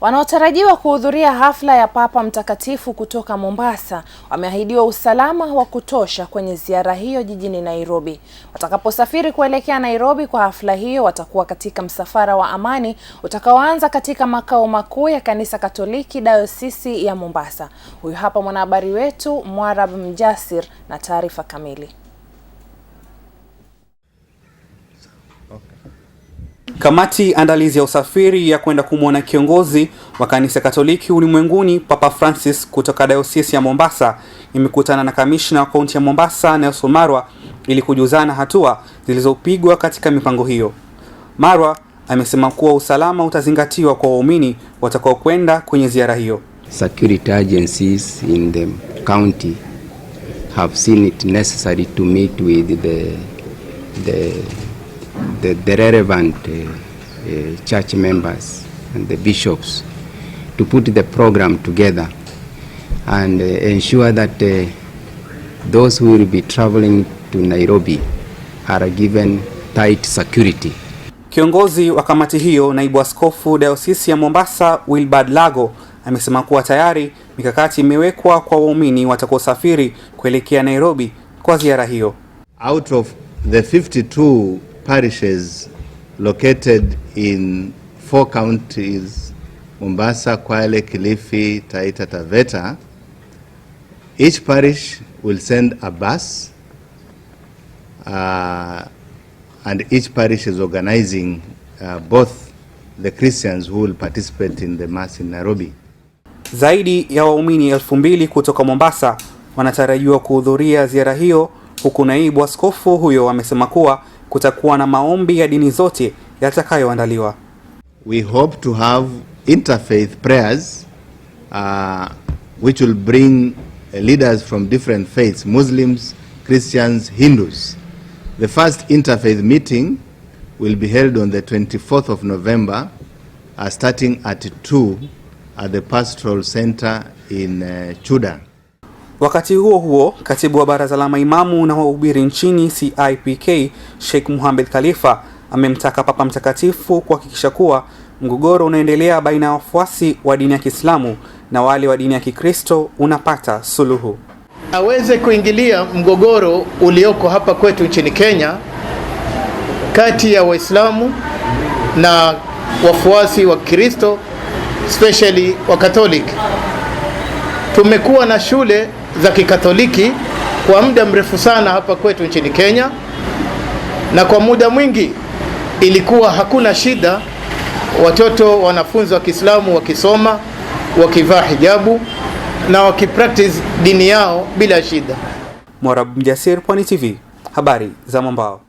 Wanaotarajiwa kuhudhuria hafla ya Papa Mtakatifu kutoka Mombasa wameahidiwa usalama wa kutosha kwenye ziara hiyo jijini Nairobi. Watakaposafiri kuelekea Nairobi kwa hafla hiyo, watakuwa katika msafara wa amani utakaoanza katika makao makuu ya Kanisa Katoliki Dayosisi ya Mombasa. Huyu hapa mwanahabari wetu Mwarab Mjasir na taarifa kamili. Okay. Kamati andalizi ya usafiri ya kwenda kumwona kiongozi wa kanisa Katoliki ulimwenguni Papa Francis kutoka dayosisi ya Mombasa imekutana na kamishna wa kaunti ya Mombasa Nelson Marwa ili kujuzana hatua zilizopigwa katika mipango hiyo. Marwa amesema kuwa usalama utazingatiwa kwa waumini watakaokwenda kwenye ziara hiyo. Security agencies in the county have seen it necessary to meet with the the the, the relevant uh, uh, church members and the bishops to put the program together and uh, ensure that uh, those who will be traveling to Nairobi are given tight security. Kiongozi wa kamati hiyo, naibu askofu Dayosisi ya Mombasa, Wilbard Lago, amesema kuwa tayari mikakati imewekwa kwa waumini watakaosafiri kuelekea Nairobi kwa ziara hiyo. Out of the 52 parishes located in four counties Mombasa, Kwale, Kilifi, Taita Taveta. Each parish will send a bus uh, and each parish is organizing uh, both the Christians who will participate in the mass in Nairobi. Zaidi ya waumini elfu mbili kutoka Mombasa wanatarajiwa kuhudhuria ziara hiyo, huku naibu askofu huyo amesema kuwa kutakuwa na maombi ya dini zote yatakayoandaliwa. We hope to have interfaith prayers uh, which will bring leaders from different faiths, Muslims, Christians, Hindus. The first interfaith meeting will be held on the 24th of November uh, starting at 2 at the Pastoral Center in uh, Chuda. Wakati huo huo, katibu wa baraza la maimamu na wahubiri nchini CIPK Sheikh Muhammad Khalifa amemtaka Papa Mtakatifu kuhakikisha kuwa mgogoro unaendelea baina ya wafuasi wa dini ya Kiislamu na wale wa dini ya Kikristo unapata suluhu. Aweze kuingilia mgogoro ulioko hapa kwetu nchini Kenya kati ya Waislamu na wafuasi wa Kristo especially wa Catholic. Tumekuwa na shule za Kikatoliki kwa muda mrefu sana hapa kwetu nchini Kenya, na kwa muda mwingi ilikuwa hakuna shida, watoto wanafunzi wa Kiislamu wakisoma, wakivaa hijabu na wakipractice dini yao bila shida. Mwarabu Mjasir, Pwani TV, habari za Mwambao.